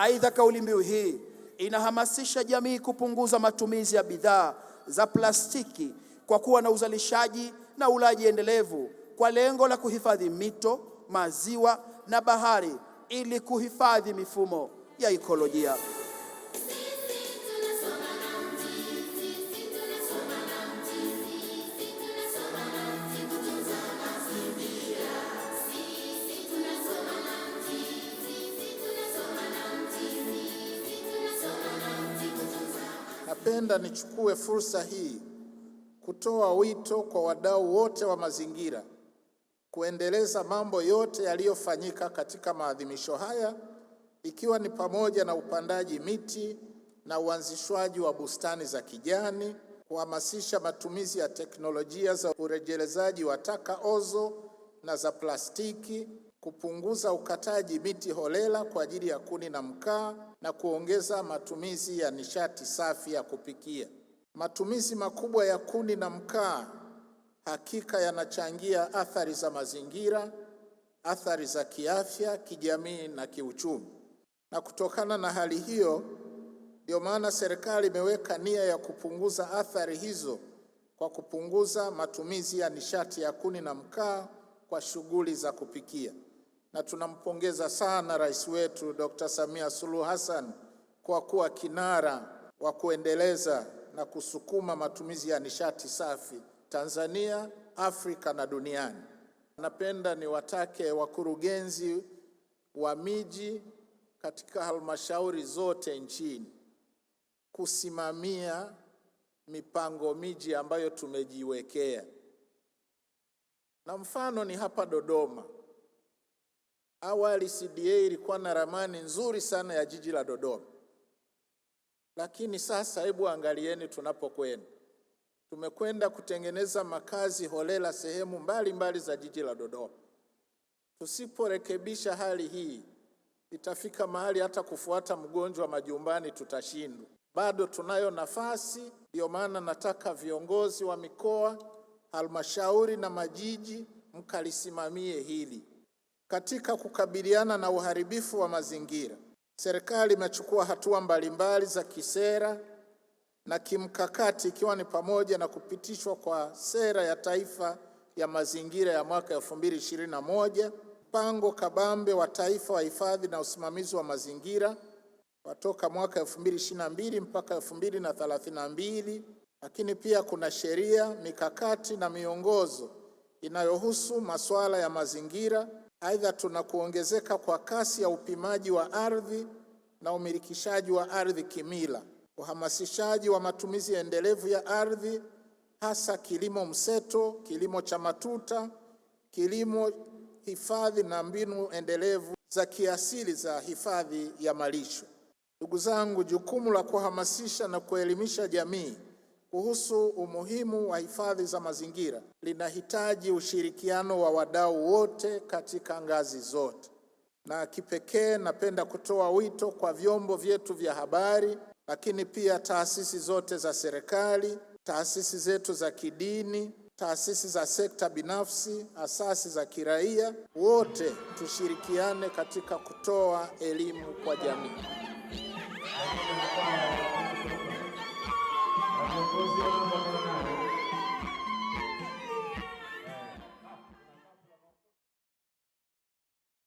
Aidha, kauli mbiu hii inahamasisha jamii kupunguza matumizi ya bidhaa za plastiki kwa kuwa na uzalishaji na ulaji endelevu kwa lengo la kuhifadhi mito, maziwa na bahari ili kuhifadhi mifumo ya ekolojia. ningependa nichukue fursa hii kutoa wito kwa wadau wote wa mazingira kuendeleza mambo yote yaliyofanyika katika maadhimisho haya ikiwa ni pamoja na upandaji miti na uanzishwaji wa bustani za kijani, kuhamasisha matumizi ya teknolojia za urejelezaji wa taka ozo na za plastiki kupunguza ukataji miti holela kwa ajili ya kuni na mkaa na kuongeza matumizi ya nishati safi ya kupikia. Matumizi makubwa ya kuni na mkaa hakika yanachangia athari za mazingira, athari za kiafya, kijamii na kiuchumi. Na kutokana na hali hiyo, ndio maana serikali imeweka nia ya kupunguza athari hizo kwa kupunguza matumizi ya nishati ya kuni na mkaa kwa shughuli za kupikia na tunampongeza sana rais wetu Dr. Samia Suluhu Hassan kwa kuwa kinara wa kuendeleza na kusukuma matumizi ya nishati safi Tanzania, Afrika na duniani. Napenda niwatake wakurugenzi wa miji katika halmashauri zote nchini kusimamia mipango miji ambayo tumejiwekea, na mfano ni hapa Dodoma. Awali CDA ilikuwa na ramani nzuri sana ya jiji la Dodoma, lakini sasa hebu angalieni tunapokwenda. Tumekwenda kutengeneza makazi holela sehemu mbalimbali mbali za jiji la Dodoma. Tusiporekebisha hali hii, itafika mahali hata kufuata mgonjwa majumbani tutashindwa. Bado tunayo nafasi, ndiyo maana nataka viongozi wa mikoa, halmashauri na majiji mkalisimamie hili. Katika kukabiliana na uharibifu wa mazingira, serikali imechukua hatua mbalimbali za kisera na kimkakati ikiwa ni pamoja na kupitishwa kwa sera ya taifa ya mazingira ya mwaka 2021, mpango kabambe wa taifa wa hifadhi na usimamizi wa mazingira watoka mwaka 2022 mpaka 2032, lakini pia kuna sheria, mikakati na miongozo inayohusu masuala ya mazingira Aidha, tuna kuongezeka kwa kasi ya upimaji wa ardhi na umilikishaji wa ardhi kimila, uhamasishaji wa matumizi endelevu ya ardhi, hasa kilimo mseto, kilimo cha matuta, kilimo hifadhi na mbinu endelevu za kiasili za hifadhi ya malisho. Ndugu zangu, jukumu la kuhamasisha na kuelimisha jamii kuhusu umuhimu wa hifadhi za mazingira linahitaji ushirikiano wa wadau wote katika ngazi zote, na kipekee napenda kutoa wito kwa vyombo vyetu vya habari, lakini pia taasisi zote za serikali, taasisi zetu za kidini, taasisi za sekta binafsi, asasi za kiraia, wote tushirikiane katika kutoa elimu kwa jamii.